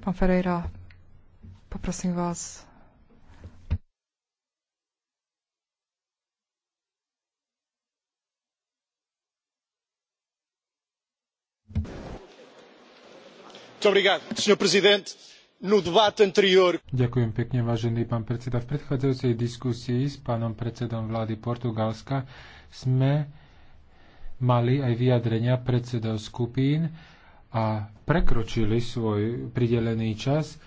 Pán Ferreira, poprosím vás. No Ďakujem pekne, vážený pán predseda. V predchádzajúcej diskusii s pánom predsedom vlády Portugalska sme mali aj vyjadrenia predsedov skupín, a prekročili svoj pridelený čas,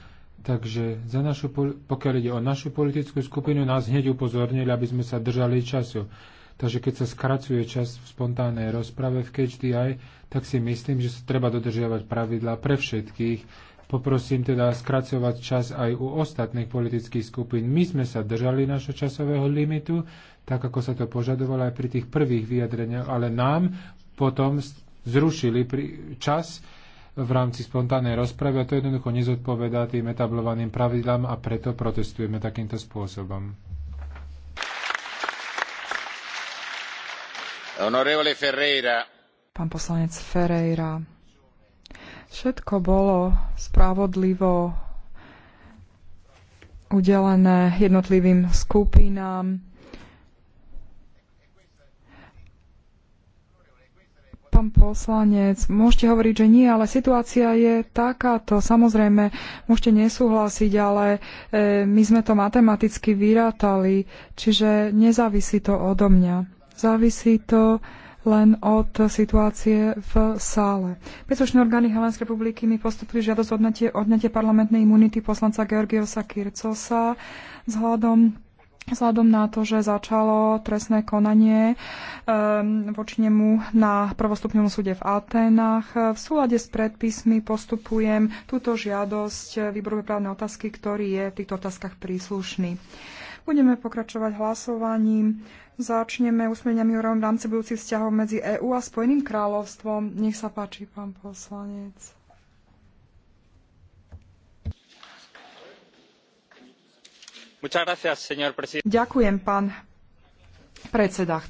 takže za našu, pokiaľ ide o našu politickú skupinu, nás hneď upozornili, aby sme sa držali času. Takže keď sa skracuje čas v spontánnej rozprave v KHDI, tak si myslím, že sa treba dodržiavať pravidlá pre všetkých. Poprosím teda skracovať čas aj u ostatných politických skupín. My sme sa držali našho časového limitu, tak ako sa to požadovalo aj pri tých prvých vyjadreniach, ale nám potom zrušili pri čas v rámci spontánnej rozpravy a to jednoducho nezodpovedá tým etablovaným pravidlám a preto protestujeme takýmto spôsobom. Honorevole Ferreira. Pán poslanec Ferreira, všetko bolo spravodlivo udelené jednotlivým skupinám Pán poslanec, môžete hovoriť, že nie, ale situácia je takáto. Samozrejme, môžete nesúhlasiť, ale e, my sme to matematicky vyrátali, čiže nezávisí to odo mňa. Závisí to len od situácie v sále. Pesočné orgány Helenskej republiky mi postupili žiadosť odnetie, odnetie parlamentnej imunity poslanca Georgiosa Kircosa vzhľadom vzhľadom na to, že začalo trestné konanie um, voči nemu na prvostupňovom súde v Aténach. V súlade s predpismi postupujem túto žiadosť výboru právne otázky, ktorý je v týchto otázkach príslušný. Budeme pokračovať hlasovaním. Začneme usmeniami v rámci budúcich vzťahov medzi EÚ a Spojeným kráľovstvom. Nech sa páči, pán poslanec. Ďakujem, pán predseda.